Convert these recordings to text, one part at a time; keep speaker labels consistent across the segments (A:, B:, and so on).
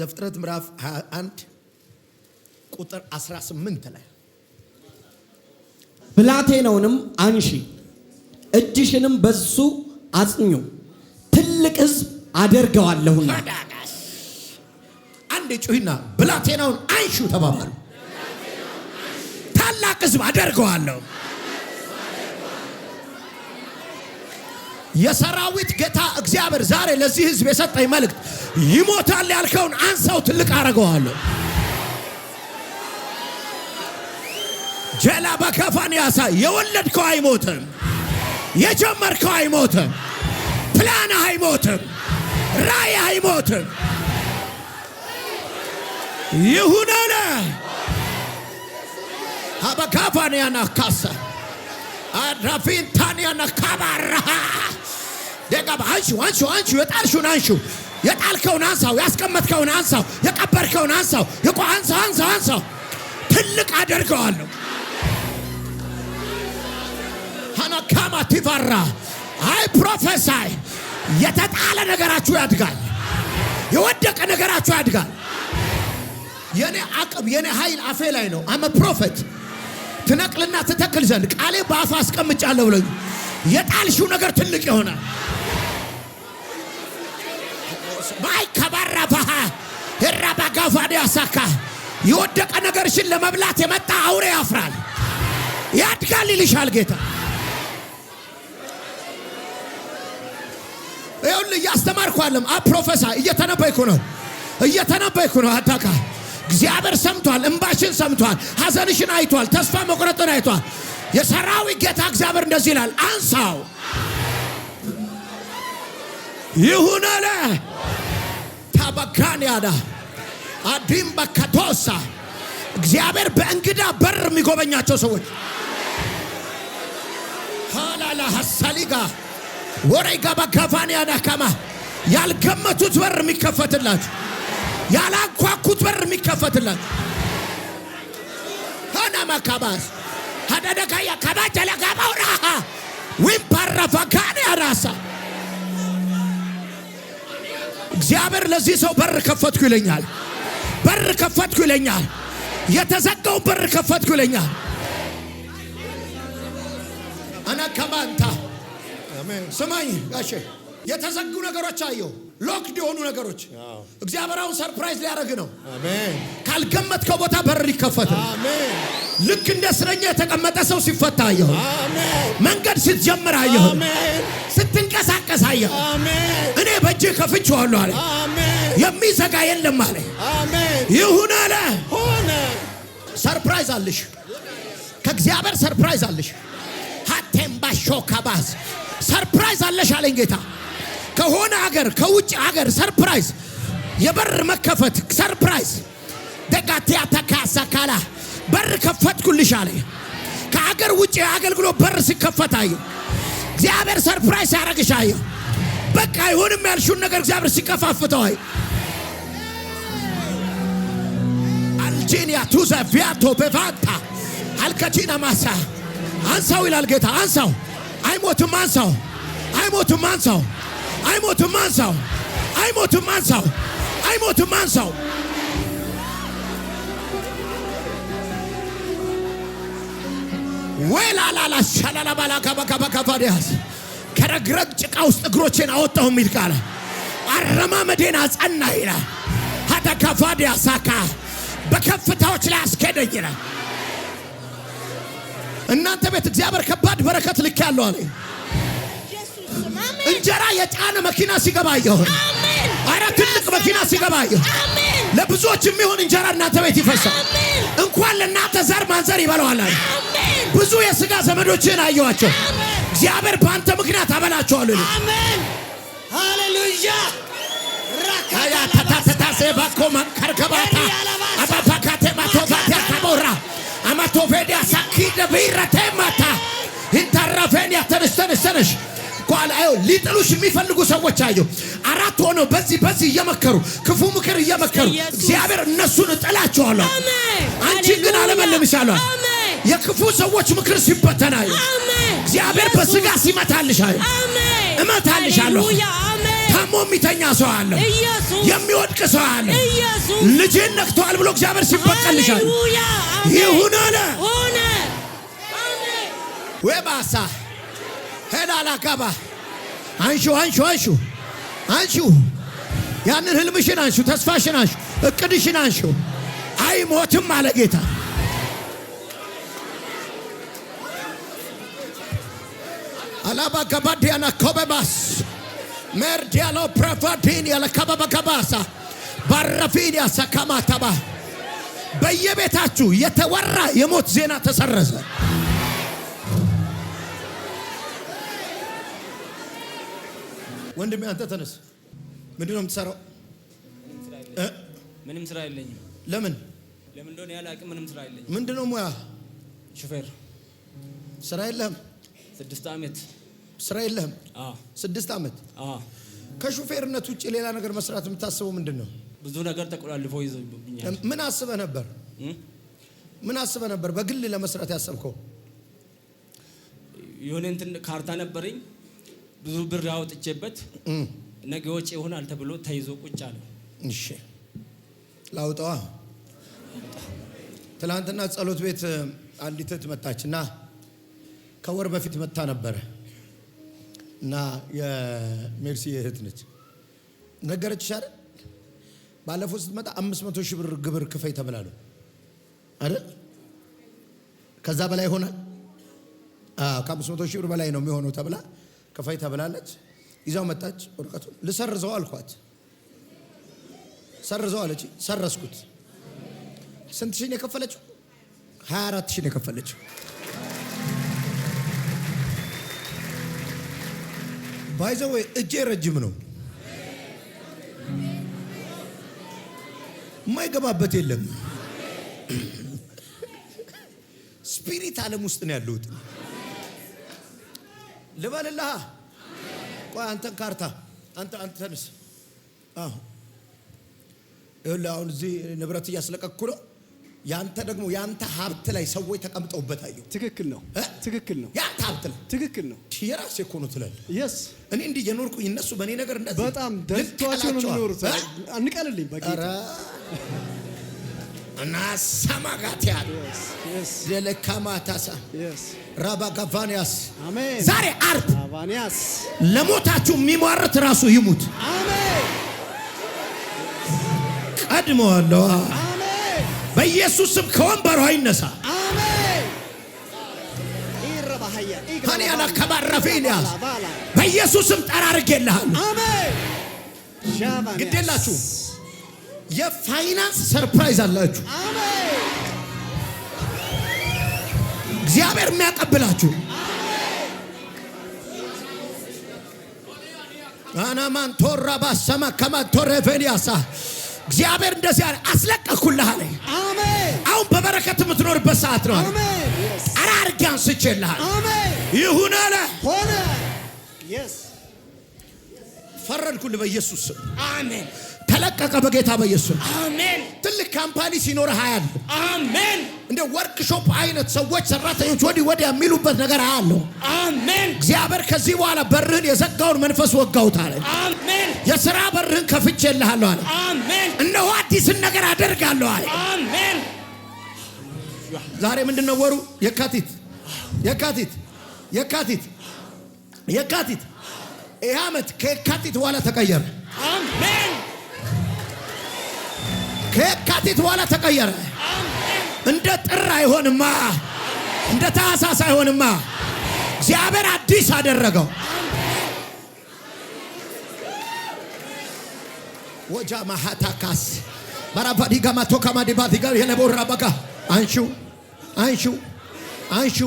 A: ዘፍጥረት ምዕራፍ 21 ቁጥር 18 ላይ ብላቴናውንም አንሺ እጅሽንም በሱ አጽኙ ትልቅ ሕዝብ አደርገዋለሁና። አንድ ጩሂና ብላቴናውን አንሹ ተባባሉ። ታላቅ ሕዝብ አደርገዋለሁ። የሰራዊት ጌታ እግዚአብሔር ዛሬ ለዚህ ህዝብ የሰጠኝ መልእክት ይሞታል ያልከውን አንሳው፣ ትልቅ አረገዋለሁ። ጀላ በከፋን ያሳ የወለድከው አይሞትም፣ የጀመርከው አይሞትም፣ ፕላንህ አይሞትም፣ ራይ አይሞትም። ይሁን አለ አበካፋን ያና ካሳ ረፊንታንያና ካባራሃ ደጋባ አንሺው አንሺው አንሺው የጣልሽውን አንሺው የጣልከውን አንሳው ያስቀመጥከውን አንሳው የቀበርከውን አንሳው የቆ አንሳው አንሳው አንሳው ትልቅ አደርገዋለሁ። ሀናካማ ቲቫራ አይ ፕሮፌሳይ የተጣለ ነገራችሁ ያድጋል። የወደቀ ነገራችሁ ያድጋል። የኔ አቅም የኔ ኃይል አፌ ላይ ነው። አመ ፕሮፌት ትነቅልና ትተክል ዘንድ ቃሌ በአፍ አስቀምጫለሁ ብሎኝ የጣልሽው ነገር ትልቅ ይሆናል። ማይ ከባራ ባሃ ሄራ ባጋፋዲ ያሳካ የወደቀ ነገርሽን ለመብላት የመጣ አውሬ ያፍራል፣ ያድጋል ይልሻል ጌታ። ይኸውልህ እያስተማርኩ አይደለም፣ አ እየተነበይኩ ነው፣ እየተነበይኩ ነው አታካ እግዚአብሔር ሰምቷል። እንባሽን ሰምቷል። ሐዘንሽን አይቷል። ተስፋ መቁረጥን አይቷል። የሰራዊት ጌታ እግዚአብሔር እንደዚህ ይላል፣ አንሳው ይሁን አለ ታበካን ያዳ አዲም በከቶሳ እግዚአብሔር በእንግዳ በር የሚጎበኛቸው ሰዎች ሃላላ ሀሳሊጋ ወሬ ጋባ ከፋን ያዳ ከማ ያልገመቱት በር የሚከፈትላቸው ያላንኳኩት በር የሚከፈትለት ሆነ ማካባስ ሀደደካያ ከባቸ ለጋባውና ዊም ፓረፈካን ያራሳ እግዚአብሔር ለዚህ ሰው በር ከፈትኩ ይለኛል። በር ከፈትኩ ይለኛል። የተዘጋው በር ከፈትኩ ይለኛል። አነከማንታ ስማኝ ጋሼ የተዘጉ ነገሮች አየሁ። ሎክድ የሆኑ ነገሮች እግዚአብሔር አሁን ሰርፕራይዝ ሊያደርግ ነው። ካልገመትከው ቦታ በር ሊከፈት ልክ እንደ እስረኛ የተቀመጠ ሰው ሲፈታ አየሁ። መንገድ ስትጀምር አየሁ። ስትንቀሳቀስ አየሁ። እኔ በእጅ ከፍቼዋለሁ አለ። የሚዘጋ የለም አለ። ይሁን አለ። ሰርፕራይዝ አለሽ። ከእግዚአብሔር ሰርፕራይዝ አለሽ። ሀቴምባሾ ከባዝ ሰርፕራይዝ አለሽ አለኝ ጌታ ከሆነ አገር ከውጭ አገር ሰርፕራይዝ የበር መከፈት ሰርፕራይዝ ደጋቴያ ተካሳካላ በር ከፈትኩልሽ አለ። ከአገር ውጭ አገልግሎት በር ሲከፈት አየሁ። እግዚአብሔር ሰርፕራይዝ ሲያደርግሽ አየሁ። በቃ አይሆንም ያልሽውን ነገር እግዚአብሔር ሲከፋፍተው አየሁ። አልጄኒያ ቱዘ ቪያቶ በቫታ አልከቲና ማሳ አንሳው ይላል ጌታ። አንሳው አይሞትም፣ አንሳው አይሞትም፣ አንሳው አይሞትም አንሳው፣ አይሞትም አንሳው፣ አይሞትም አንሳው። ወላላላ ሻላላ ባላ ካባካባካፋዲያስ ከረግረግ ጭቃ ውስጥ እግሮቼን አወጣሁ የሚል ቃል አረማመዴን አጸና ይላል። ሀተካፋዲያ ሳካ በከፍታዎች ላይ አስኬደኝ ይላል። እናንተ ቤት እግዚአብሔር ከባድ በረከት ልክ ያለው አለኝ። እንጀራ የጫነ መኪና ሲገባ አየሁ። ኧረ ትልቅ መኪና ሲገባ አየሁ። ለብዙዎች የሚሆን እንጀራ እናንተ ቤት ይፈሳል። እንኳን ለእናንተ ዘር ማንዘር ይበለዋላል። ብዙ የሥጋ ዘመዶችን አየኋቸው። እግዚአብሔር በአንተ ምክንያት አበላቸዋል። አሜን ሃሌሉያ። ራካያ ተታተታሴ ባኮ መንከርከባታ አባባካቴ ማቶባቴ አታቦራ አማቶፌዲያ ሳኪ ደቢረቴ ማታ ኢንተረፌን ያተንስተንስተንሽ እንኳን አየው ሊጥሉሽ የሚፈልጉ ሰዎች አየው። አራት ሆነው በዚህ በዚህ እየመከሩ ክፉ ምክር እየመከሩ እግዚአብሔር እነሱን እጥላቸዋለሁ፣ አንቺን ግን አለመልምሻለሁ። የክፉ ሰዎች ምክር ሲበተና እግዚአብሔር በስጋ ሲመታልሻለሁ፣ እመታልሻለሁ። ታሞ የሚተኛ ሰው አለ፣ የሚወድቅ ሰው አለ። ልጅን ነክተዋል ብሎ እግዚአብሔር ሲበቀልሻል ይሁን አለ ወባሳ ሄዳል አጋባ አንሹ አንሹ አንሹ አንሹ ያንን ህልምሽን አንሹ፣ ተስፋሽን አንሹ፣ እቅድሽን አንሹ። አይሞትም አለ ጌታ። አላባ ገባዲያና ኮበባስ ሜርዲያሎ ፕራቫዲን ያለ ከበበ ከባሳ ባረፊን ያሰካማተባ በየቤታችሁ የተወራ የሞት ዜና ተሰረዘ። ወንድሜ አንተ ተነስ። ምንድን ነው የምትሰራው?
B: ምንም ስራ የለኝም። ለምን ለምን እንደሆነ ያለ አቅም ምንም ስራ የለኝም። ምንድን ነው ሙያ? ሹፌር። ስራ የለህም? ስድስት ዓመት
A: ስራ የለህም? ስድስት ዓመት ከሹፌርነት ውጭ ሌላ ነገር መስራት የምታስበው ምንድን ነው?
B: ብዙ ነገር ተቆላልፎ ይዘብኛል።
A: ምን አስበህ ነበር? ምን አስበህ ነበር በግል ለመስራት ያሰብከው?
B: የሆነ እንትን ካርታ ነበረኝ ብዙ ብር አውጥቼበት ነገ ወጪ ይሆናል ተብሎ ተይዞ ቁጭ አለ። እሺ
A: ላውጣዋ። ትናንትና ጸሎት ቤት አንዲት እህት መጣች እና ከወር በፊት መታ ነበረ እና የሜርሲ እህት ነች። ነገረችሽ አይደል? ባለፈው ስትመጣ አምስት መቶ ሺህ ብር ግብር ክፈይ ተብላለሁ አይደል? ከዛ በላይ ሆናል። ከአምስት መቶ ሺህ ብር በላይ ነው የሚሆነው ተብላ ክፈይ ተብላለች። ይዛው መጣች ወረቀቱን። ልሰርዘው አልኳት። ሰርዘው አለች። ሰረዝኩት። ስንት ሺህ ነው የከፈለችው? 24 ሺህ ነው የከፈለችው። ባይዘው እጄ ረጅም ነው፣ የማይገባበት የለም። ስፒሪት ዓለም ውስጥ ነው ያለሁት። ልበልልሃ። ቆይ አንተን ካርታ አንተ አንተንስ ይኸውልህ አሁን እዚህ ንብረት እያስለቀኩ ነው። ያንተ ደግሞ ያንተ ሀብት ላይ ሰዎች ተቀምጠውበት አየሁ።
B: ትክክል ነው፣ ትክክል ነው። ያንተ ሀብት ላይ ትክክል ነው።
A: የራሴ እኮ ነው ትላለህ። የስ እኔ እንዲህ የኖርኩ እነሱ በእኔ ነገር
B: እንደዚህ በጣም ደስቷቸው ነው የሚኖሩት። አንቀልልኝ በቃ
A: ናሰማጋትያል የለካማታሳ ራባጋቫንያስ ዛሬ አርብ ለሞታችሁ የሚሟርት ራሱ ይሙት። በኢየሱስ ስም ከወንበሩ አይነሳ። ግዴላችሁ የፋይናንስ ሰርፕራይዝ አላችሁ። እግዚአብሔር የሚያቀብላችሁ አናማን ቶራ ባሰማ ከማንቶረቬንያሳ እግዚአብሔር እንደዚህ አለ፣ አስለቀኩልህ አለ። አሁን በበረከት የምትኖርበት ሰዓት ነው። አረ አድርጌ አንስቼልሃል። ይሁን አለ ሆነ። ፈረድኩልህ በኢየሱስ ስም አሜን። ተለቀቀ በጌታ በኢየሱስ አሜን። ትልቅ ካምፓኒ ሲኖር አያለሁ። አሜን። እንደ ወርክሾፕ አይነት ሰዎች ሰራተኞች ወዲህ ወዲያ የሚሉበት ነገር አያለሁ። አሜን። እግዚአብሔር ከዚህ በኋላ በርህን የዘጋውን መንፈስ ወጋውት አለ። አሜን። የሥራ በርህን ከፍቼልሃለሁ አለ። አሜን። እነሆ አዲስን ነገር አደርጋለሁ አለ። አሜን። ዛሬ ምንድን ነው ወሩ? የካቲት የካቲት የካቲት የካቲት ይህ ዓመት ከየካቲት በኋላ ተቀየረ። አሜን። ከየካቲት በኋላ ተቀየረ። እንደ ጥር አይሆንማ፣ እንደ ታህሳስ አይሆንማ። እግዚአብሔር አዲስ አደረገው። ወጃ ማሃታካስ ባራባዲጋ ማቶካማዲባዲጋ የነቦራበጋ አንሹ አንሹ አንሹ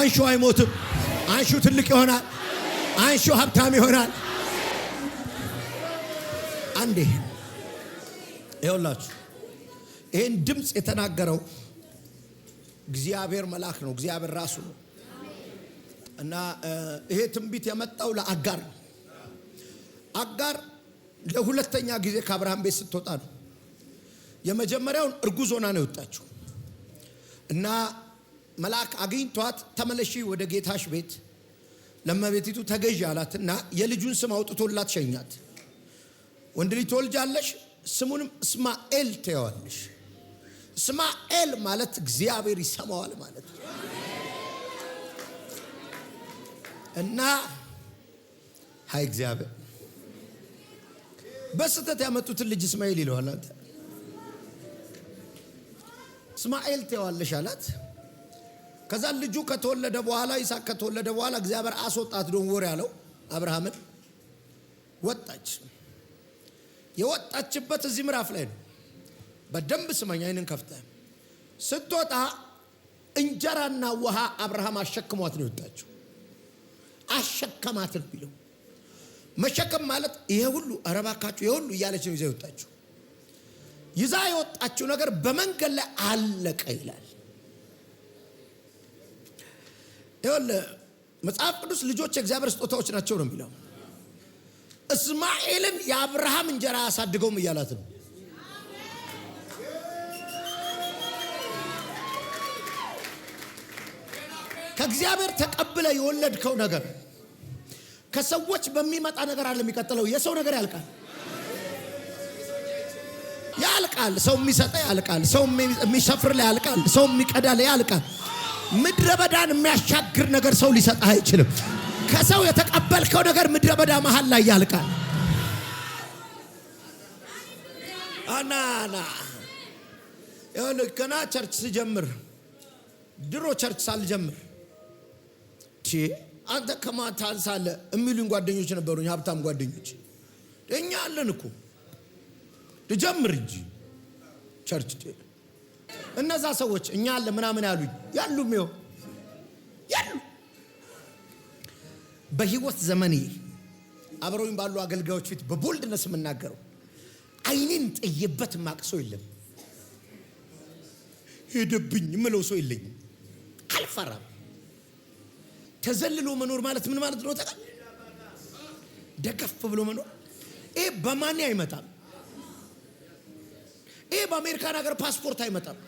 A: አንሹ አይሞትም። አንሹ ትልቅ ይሆናል። አንሹ ሀብታም ይሆናል። አንዴ ይኸውላችሁ ይህን ድምፅ የተናገረው እግዚአብሔር መልአክ ነው። እግዚአብሔር ራሱ ነው እና ይሄ ትንቢት የመጣው ለአጋር ነው። አጋር ለሁለተኛ ጊዜ ከአብርሃም ቤት ስትወጣ ነው። የመጀመሪያውን እርጉዝ ሆና ነው የወጣችው እና መልአክ አግኝቷት ተመለሺ ወደ ጌታሽ ቤት ለመቤቲቱ ተገዢ አላት እና የልጁን ስም አውጥቶላት ሸኛት። ወንድ ልጅ ትወልጃለሽ ስሙንም እስማኤል ትየዋለሽ። እስማኤል ማለት እግዚአብሔር ይሰማዋል ማለት ነው። እና ሀይ እግዚአብሔር በስህተት ያመጡትን ልጅ እስማኤል ይለዋል። አንተ እስማኤል ትየዋለሽ አላት። ከዛ ልጁ ከተወለደ በኋላ ይስሐቅ ከተወለደ በኋላ እግዚአብሔር አስወጣት። ዶንት ያለው አብርሃምን ወጣች የወጣችበት እዚህ ምዕራፍ ላይ ነው። በደንብ ስመኝ፣ አይንን ከፍተ ስትወጣ እንጀራና ውሃ አብርሃም አሸክሟት ነው የወጣችው። አሸከማትን ቢለው መሸከም ማለት ይሄ ሁሉ ረባካችሁ ይሄ ሁሉ እያለች ነው ይዛ የወጣችው። ይዛ የወጣችው ነገር በመንገድ ላይ አለቀ ይላል። ይኸውልህ መጽሐፍ ቅዱስ ልጆች የእግዚአብሔር ስጦታዎች ናቸው ነው የሚለው እስማኤልን የአብርሃም እንጀራ አያሳድገውም እያላት ነው። ከእግዚአብሔር ተቀብለ የወለድከው ነገር ከሰዎች በሚመጣ ነገር አለ የሚቀጥለው የሰው ነገር ያልቃል ያልቃል። ሰው የሚሰጠ ያልቃል። ሰው የሚሰፍር ላይ ያልቃል። ሰው የሚቀዳ ላይ ያልቃል። ምድረ በዳን የሚያሻግር ነገር ሰው ሊሰጠህ አይችልም። ከሰው የተቀበልከው ነገር ምድረ በዳ መሃል ላይ ያልቃል። አናና ገና ቸርች ስጀምር ድሮ ቸርች ሳልጀምር አንተ ከማታን ሳለ የሚሉኝ ጓደኞች ነበሩኝ፣ ሀብታም ጓደኞች። እኛ አለን እኮ ልጀምር እንጂ ቸርች እነዛ ሰዎች እኛ አለ ምናምን ያሉኝ ያሉም ይኸው ያሉ በህይወት ዘመኔ አብረውኝ ባሉ አገልጋዮች ፊት በቦልድነስ የምናገረው አይኔን ጠየበት ማቅ ሰው የለም። ሄደብኝ ምለው ሰው የለኝም። አልፈራም። ተዘልሎ መኖር ማለት ምን ማለት ነው? ተቃል ደገፍ ብሎ መኖር ይሄ በማን አይመጣም። ይሄ በአሜሪካን ሀገር ፓስፖርት አይመጣም።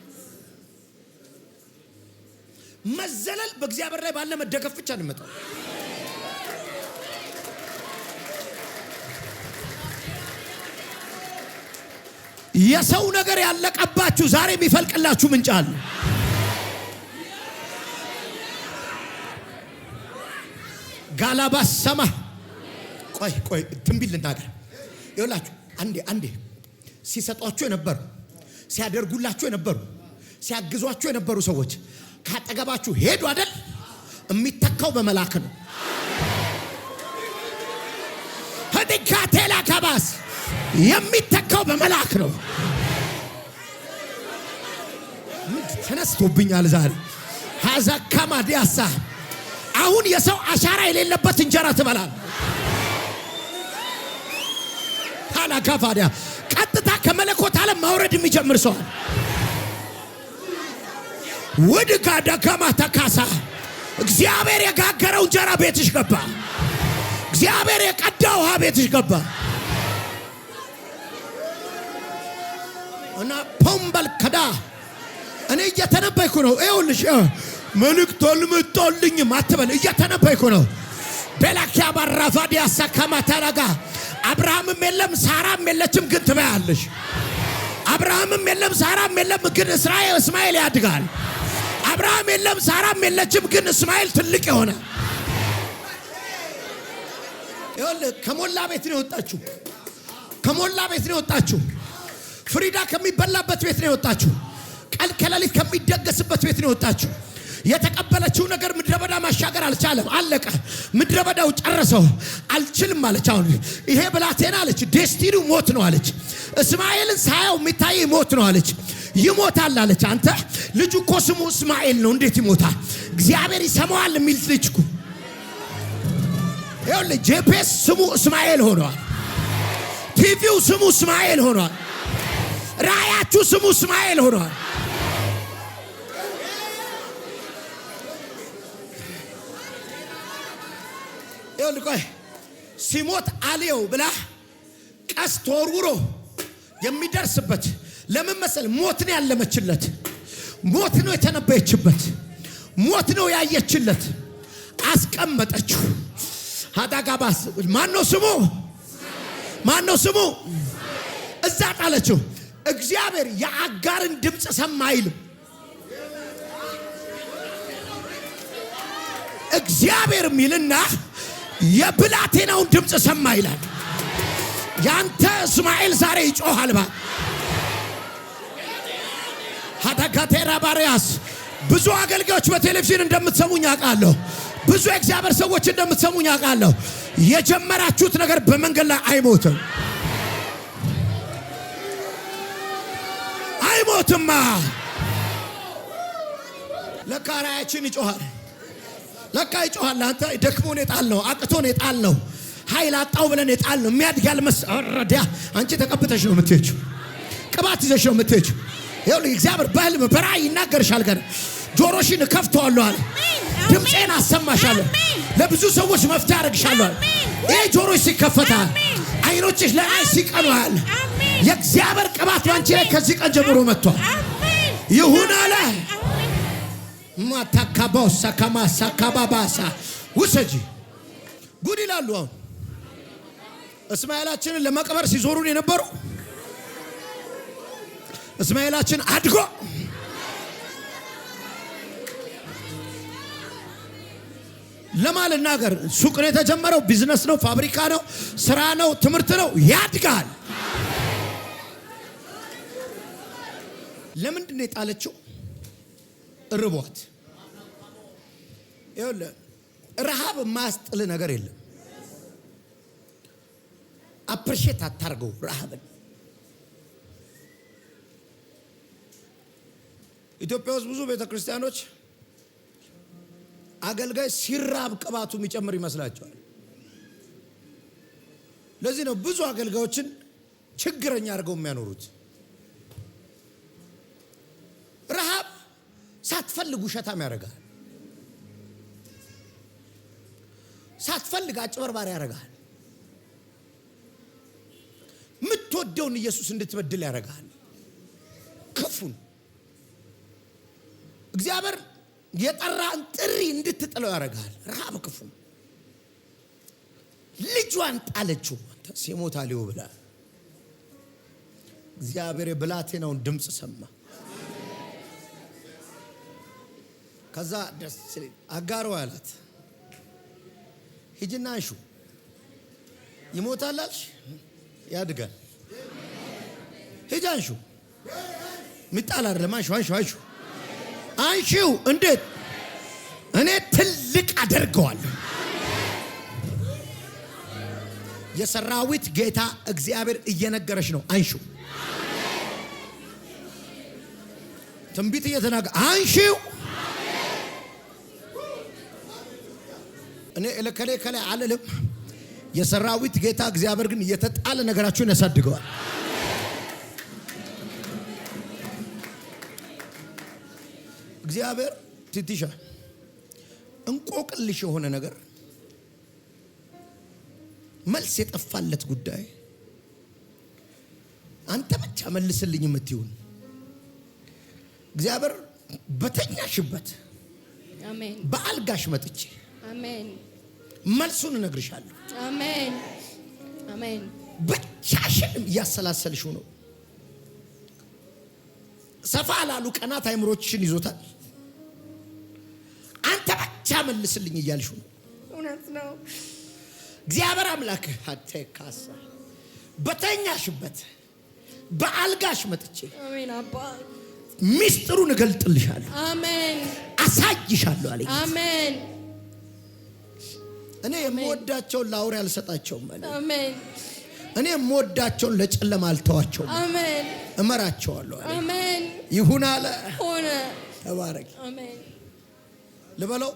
A: መዘለል በእግዚአብሔር ላይ ባለ መደገፍ ብቻ ነው የሰው ነገር ያለቀባችሁ ዛሬ የሚፈልቅላችሁ ምንጭ አለ። ጋላባስ ሰማ። ቆይ ቆይ ትንቢት ልናገር ይላችሁ። አንዴ አንዴ ሲሰጧችሁ የነበሩ ሲያደርጉላችሁ የነበሩ ሲያግዟችሁ የነበሩ ሰዎች ካጠገባችሁ ሄዱ አይደል? የሚተካው በመላክ ነው። ህድጋቴላ ከባስ የሚተካው በመልአክ ነው። ተነስቶብኛል ዛሬ ሀዛካማ ዲያሳ አሁን የሰው አሻራ የሌለበት እንጀራ ትበላል። ቀጥታ ከመለኮት ዓለም ማውረድ የሚጀምር ሰዋል ደከማ ተካሳ እግዚአብሔር የጋገረው እንጀራ ቤትሽ ገባ። እግዚአብሔር የቀዳ ውሃ ቤትሽ ገባ። ዳ እኔ እየተነበይኩ ነው። ይኸውልሽ መልእክቶል ምጦልኝም አትበል። እየተነበይኩ ነው። ቤላኪያ ባራፋድ ያሳካማ ተረጋ አብርሃምም የለም ሳራም የለችም፣ ግን ትበያለሽ። አብርሃምም የለም ሳራም የለም፣ ግን እስራኤል እስማኤል ያድጋል። አብርሃም የለም ሳራም የለችም፣ ግን እስማኤል ትልቅ የሆነ ከሞላ ቤት ነው የወጣችሁ። ከሞላ ቤት ነው የወጣችሁ። ፍሪዳ ከሚበላበት ቤት ነው የወጣችሁ። ቀን ከሌሊት ከሚደገስበት ቤት ነው የወጣችሁ። የተቀበለችው ነገር ምድረ በዳ ማሻገር አልቻለም። አለቀ። ምድረ በዳው ጨረሰው። አልችልም አለች። አሁን ይሄ ብላቴና አለች፣ ዴስቲኒው ሞት ነው አለች። እስማኤልን ሳያው የሚታይ ሞት ነው አለች። ይሞታል አለች። አንተ ልጁ እኮ ስሙ እስማኤል ነው፣ እንዴት ይሞታል? እግዚአብሔር ይሰማዋል የሚል ልጅ እኮ ይኸውልህ፣ ጄፔስ ስሙ እስማኤል ሆነዋል። ቲቪው ስሙ እስማኤል ሆነዋል። ራያችሁ ስሙ እስማኤል ሆኗል። ቆይ ሲሞት አልየው ብላ ቀስ ተወርውሮ የሚደርስበት ለምን መሰል? ሞት ነው ያለመችለት፣ ሞት ነው የተነበየችበት፣ ሞት ነው ያየችለት። አስቀመጠችው። አዳጋባስ ማን ነው ስሙ? ማን ነው ስሙ? እዛ ጣለችው። እግዚአብሔር የአጋርን ድምፅ ሰማ አይልም። እግዚአብሔር ሚልና የብላቴናውን ድምፅ ሰማ ይላል። ያንተ እስማኤል ዛሬ ይጮኋል። ባ ሀዳጋቴራ ባሪያስ ብዙ አገልጋዮች በቴሌቪዥን እንደምትሰሙኝ አውቃለሁ። ብዙ የእግዚአብሔር ሰዎች እንደምትሰሙኝ አውቃለሁ። የጀመራችሁት ነገር በመንገድ ላይ አይሞትም። አይሞትማ። ለካ ራያችን ይጮሃል። ለካ ይጮሃል። ለአንተ ደክሞን የጣልነው አቅቶን የጣልነው ኃይል አጣው ብለን የጣልነው የሚያድግ ያልመስ ረዲያ አንቺ ተቀብተሽ ነው የምትሄጂው። ቅባት ይዘሽ ነው የምትሄጂው። ይኸውልህ እግዚአብሔር በሕልም በራእይ ይናገርሻል። ገና ጆሮሽን ከፍተዋለሁ አለ። ድምፄን አሰማሻለሁ። ለብዙ ሰዎች መፍትሄ አደርግሻለሁ። ይህ ጆሮሽ ሲከፈታል፣ አይኖችሽ ለራእይ ሲቀኗል የእግዚአብሔር ቅባት ባንቺ ላይ ከዚህ ቀን ጀምሮ መጥቷል። ይሁን አለ ማታካባው ሳካማ ሳካባባሳ ውሰጂ ጉድ ይላሉ። አሁን እስማኤላችንን ለመቅበር ሲዞሩን የነበሩ እስማኤላችን አድጎ ለማልናገር ሱቅ ነው የተጀመረው። ቢዝነስ ነው፣ ፋብሪካ ነው፣ ስራ ነው፣ ትምህርት ነው። ያድጋል። ለምንድን ነው የጣለችው? ርቧት። ይኸውልህ ረሃብ የማያስጥል ነገር የለም። አፕሪሼት አታርገው ረሃብን። ኢትዮጵያ ውስጥ ብዙ ቤተ ክርስቲያኖች አገልጋይ ሲራብ ቅባቱ የሚጨምር ይመስላቸዋል። ለዚህ ነው ብዙ አገልጋዮችን ችግረኛ አድርገው የሚያኖሩት። ሳትፈልግ ውሸታም ያደርጋል። ሳትፈልግ አጭበርባሪ ያደርጋል። የምትወደውን ኢየሱስ እንድትበድል ያደርጋል። ክፉን እግዚአብሔር የጠራን ጥሪ እንድትጥለው ያደርጋል። ረሃብ ክፉ ልጇን ጣለችው ሲሞታ ሊሆ ብላ እግዚአብሔር የብላቴናውን ድምፅ ሰማ። ከዛ ደስ አጋሩ አላት፣ ሂጅና አንሹ። ይሞታል ያድጋል። ሂጂ አንሹ። ሚጣል አይደለም። አንሹ፣ አንሹ፣ አንሹ፣ አንሺው። እንዴት እኔ ትልቅ አደርገዋለሁ። የሰራዊት ጌታ እግዚአብሔር እየነገረች ነው። አንሹ ትንቢት እየተናገ አንሺው እኔ እለከሌ ከሌ አልልም። የሰራዊት ጌታ እግዚአብሔር ግን የተጣለ ነገራችሁን ያሳድገዋል። እግዚአብሔር ትትሻ እንቆቅልሽ የሆነ ነገር መልስ የጠፋለት ጉዳይ አንተ ብቻ መልስልኝ የምትሆን እግዚአብሔር በተኛሽበት በአልጋሽ መጥቼ መልሱን እነግርሻለሁ። ብቻሽን እያሰላሰልሽው ነው። ሰፋ ላሉ ቀናት አይምሮችን ይዞታል። አንተ ብቻ መልስልኝ እያልሽው ነው። እውነት ነው። እግዚአብሔር አምላክ አንተ በተኛሽበት በአልጋሽ መጥቼ ሚስጥሩን እገልጥልሻለሁ፣ አሳይሻለሁ አለኝ። እኔ የምወዳቸውን ለአውሬ አልሰጣቸውም። አሜን። እኔ የምወዳቸውን ለጨለማ አልተዋቸውም። አሜን። እመራቸዋለሁ። አሜን። ይሁን አለ ሆነ። ተባረክ። አሜን ልበለው።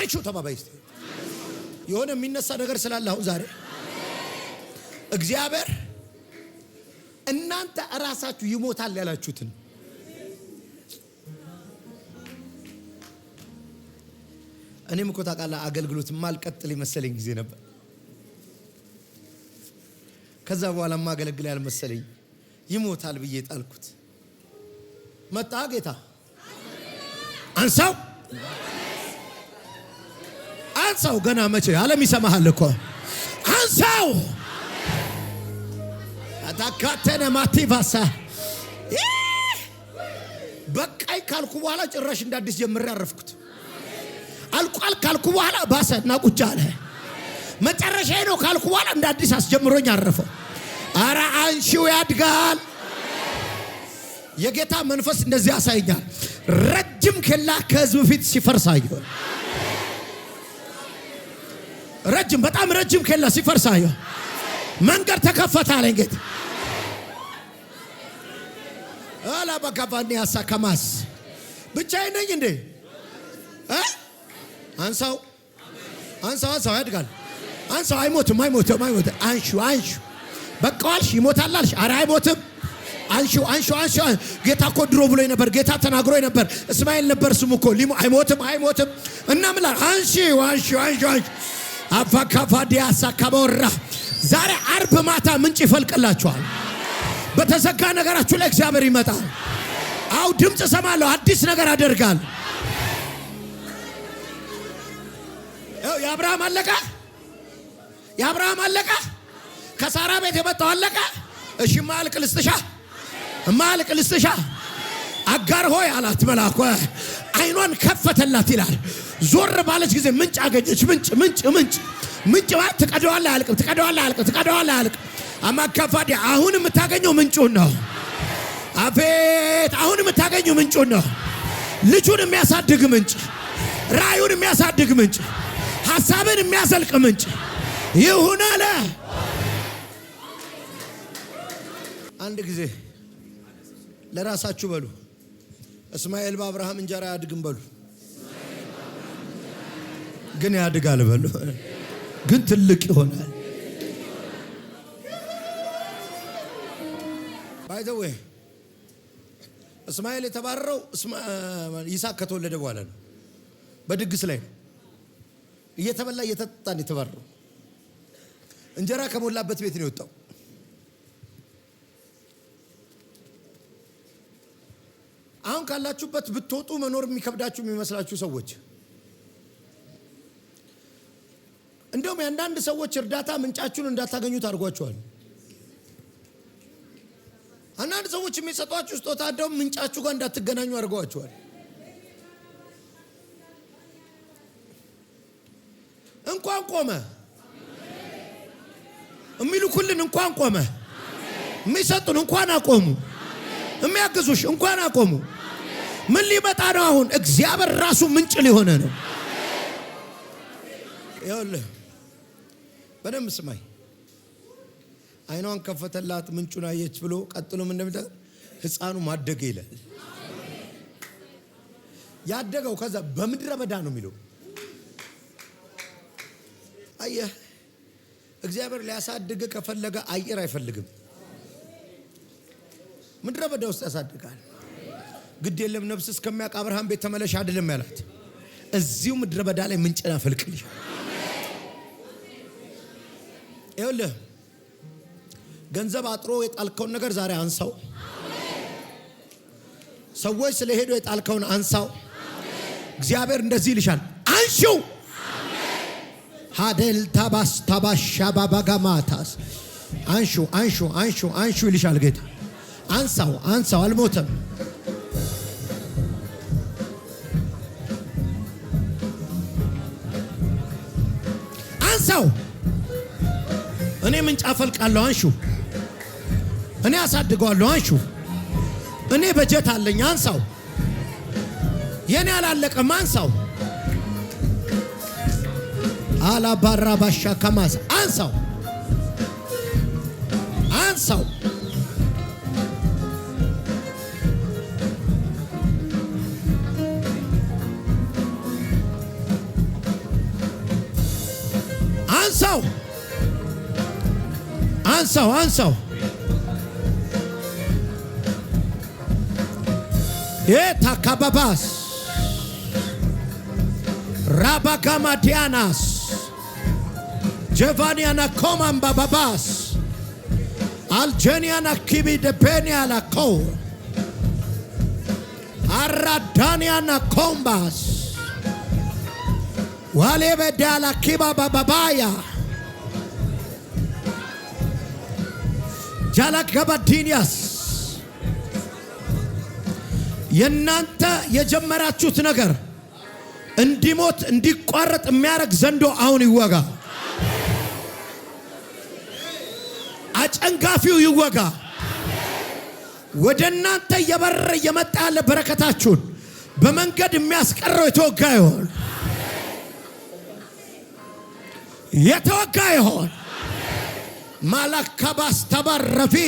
A: አንቺው ተባባይ እስቲ የሆነ የሚነሳ ነገር ስላለ አሁን ዛሬ እግዚአብሔር እናንተ እራሳችሁ ይሞታል ያላችሁትን እኔም እኮ ታቃላ አገልግሎት ማልቀጥል የመሰለኝ ጊዜ ነበር። ከዛ በኋላ ማገለግል ያልመሰለኝ ይሞታል ብዬ ጣልኩት። መጣ ጌታ አንሳው አንሳው። ገና መቼ አለም ይሰማሃል እኮ አንሳው። አታካተነ ማቴቫሳ በቃይ ካልኩ በኋላ ጭራሽ እንደ አዲስ ጀምሬ አረፍኩት። አልቋል ካልኩ በኋላ ባሰ እና ቁጭ አለ። መጨረሻ ነው ካልኩ በኋላ እንደ አዲስ አስጀምሮኝ አረፈው። አረ አንሺው ያድጋል። የጌታ መንፈስ እንደዚህ ያሳይኛል። ረጅም ኬላ ከህዝብ ፊት ሲፈርስ አየሁ። ረጅም በጣም ረጅም ኬላ ሲፈርስ አየሁ። መንገድ ተከፈተ አለኝ ጌታ አላ በጋባኒ ከማስ ብቻዬን ነኝ እንዴ? አንሳው፣ አንሳው፣ አንሳው። ያድጋል። አንሳው። አይሞትም፣ አይሞትም፣ አይሞትም። አንሹ፣ አንሹ። በቃ ዋልሽ፣ ይሞታል አልሽ። ኧረ አይሞትም። አንሹ፣ አንሹ፣ አንሹ። ጌታ እኮ ድሮ ብሎ ነበር። ጌታ ተናግሮ ነበር። እስማኤል ነበር ስሙ እኮ። አይሞትም፣ አይሞትም። እና ምላል አንሺ፣ አንሺ፣ አንሺ፣ አንሺ። ዲያሳ ካበወራ ዛሬ አርብ ማታ ምንጭ ይፈልቅላችኋል። በተዘጋ ነገራችሁ ላይ እግዚአብሔር ይመጣል። አው ድምፅ እሰማለሁ። አዲስ ነገር አደርጋለሁ። የአብርሃም አለቃ የአብርሃም አለቃ ከሳራ ቤት የመጣው አለቃ። እሺ ማልቅ ልስትሻ ማልቅ ልስትሻ አጋር ሆይ አላት መልአኩ። አይኗን ከፈተላት ይላል። ዞር ባለች ጊዜ ምንጭ አገኘች። ምንጭ ምንጭ ምንጭ ምንጭ ማለት ትቀደዋለህ አያልቅም፣ ትቀደዋለህ አያልቅም፣ ትቀደዋለህ አያልቅም። አማካፋዲ አሁን የምታገኘው ምንጩን ነው። አቤት አሁን የምታገኘው ምንጩን ነው። ልጁን የሚያሳድግ ምንጭ፣ ራዩን የሚያሳድግ ምንጭ ሐሳብን የሚያሰልቅ ምንጭ ይሁን አለ። አንድ ጊዜ ለራሳችሁ በሉ፣ እስማኤል በአብርሃም እንጀራ አያድግም በሉ፣ ግን ያድጋል በሉ፣ ግን ትልቅ ይሆናል። ባይዘዌ እስማኤል የተባረረው ይስሐቅ ከተወለደ በኋላ ነው፣ በድግስ ላይ ነው። እየተበላ እየተጠጣን የተባረሩ እንጀራ ከሞላበት ቤት ነው የወጣው። አሁን ካላችሁበት ብትወጡ መኖር የሚከብዳችሁ የሚመስላችሁ ሰዎች እንደውም የአንዳንድ ሰዎች እርዳታ ምንጫችሁን እንዳታገኙት አድርጓችኋል። አንዳንድ ሰዎች የሚሰጧችሁ ስጦታ እንደውም ምንጫችሁ ጋር እንዳትገናኙ አድርገዋችኋል። እንኳን ቆመ የሚልኩልን እንኳን ቆመ። የሚሰጡን እንኳን አቆሙ። የሚያግዙሽ እንኳን አቆሙ። ምን ሊመጣ ነው አሁን? እግዚአብሔር ራሱ ምንጭ ሊሆነ ነው። ይኸውልህ በደንብ ስማኝ። አይኗን ከፈተላት ምንጩን አየች ብሎ ቀጥሎም እንደሚታ ህፃኑ ማደገ ይላል። ያደገው ከዛ በምድረ በዳ ነው የሚለው አየህ እግዚአብሔር ሊያሳድግ ከፈለገ አየር አይፈልግም። ምድረ በዳ ውስጥ ያሳድጋል። ግድ የለም ነፍስ እስከሚያውቅ አብርሃም ቤት ተመለሽ አይደለም ያላት፣ እዚሁ ምድረ በዳ ላይ ምንጭን አፈልቅልሽ። ይኸውልህ ገንዘብ አጥሮ የጣልከውን ነገር ዛሬ አንሳው። ሰዎች ስለሄዱ የጣልከውን አንሳው። እግዚአብሔር እንደዚህ ይልሻል፣ አንሺው ሀደል ታባስ ታባሻ ባባጋማታስ አንሹ አንሹ አንሹ አንሹ ይልሻል ጌታ። አንሳው አንሳው፣ አልሞተም። አንሳው። እኔ ምንጭ አፈልቃለሁ። አንሹ። እኔ አሳድገዋለሁ። አንሹ። እኔ በጀት አለኝ። አንሳው። የኔ አላለቀም። አንሳው አላባራ ባሻ ከማዝ አንሳው አንሳው አንሳው አንሳው አንሳው የታካባባስ ራባጋማዲያናስ ጀቫኒያ ና ኮማምባ ባባስ አልጀኒያ ኪቢ ደቤኒያ ላ ኮ ኮምባስ ዋሌ በዳላ ኪባ ባባባያ ጃላገባዲንያስ የእናንተ የጀመራችሁት ነገር እንዲሞት እንዲቋረጥ የሚያደርግ ዘንዶ አሁን ይወጋ። ጨንጋፊው ይወጋ። ወደ እናንተ እየበረረ እየመጣ ያለ በረከታችሁን በመንገድ የሚያስቀረው የተወጋ ይሆን የተወጋ ይሆን። ማላካባስ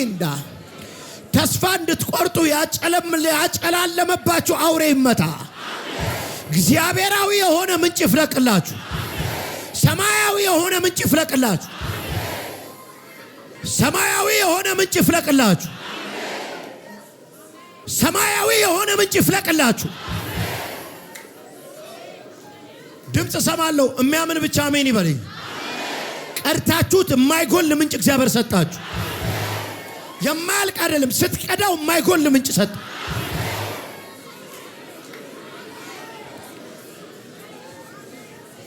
A: እንዳ ተስፋ እንድትቆርጡ ያጨላለመባችሁ አውሬ ይመታ። እግዚአብሔራዊ የሆነ ምንጭ ይፍለቅላችሁ። ሰማያዊ የሆነ ምንጭ ይፍለቅላችሁ። ሰማያዊ የሆነ ምንጭ ይፍለቅላችሁ። ሰማያዊ የሆነ ምንጭ ይፍለቅላችሁ። ድምፅ ሰማለሁ። የሚያምን ብቻ አሜን ይበልኝ። ቀድታችሁት የማይጎል ምንጭ እግዚአብሔር ሰጣችሁ። የማያልቅ አይደለም፣ ስትቀዳው የማይጎል ምንጭ ሰጥ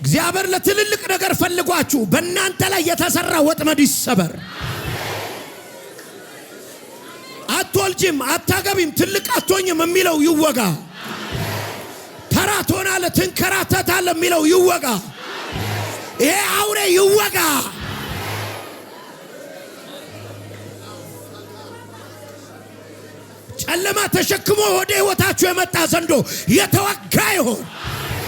A: እግዚአብሔር ለትልልቅ ነገር ፈልጓችሁ በእናንተ ላይ የተሰራ ወጥመድ ይሰበር። አትወልጅም፣ አታገቢም፣ ትልቅ አትሆኝም የሚለው ይወጋ። ተራ ትሆናለህ፣ ትንከራተታለህ የሚለው ይወጋ። ይሄ አውሬ ይወጋ። ጨለማ ተሸክሞ ወደ ህይወታችሁ የመጣ ዘንዶ የተወጋ ይሆን።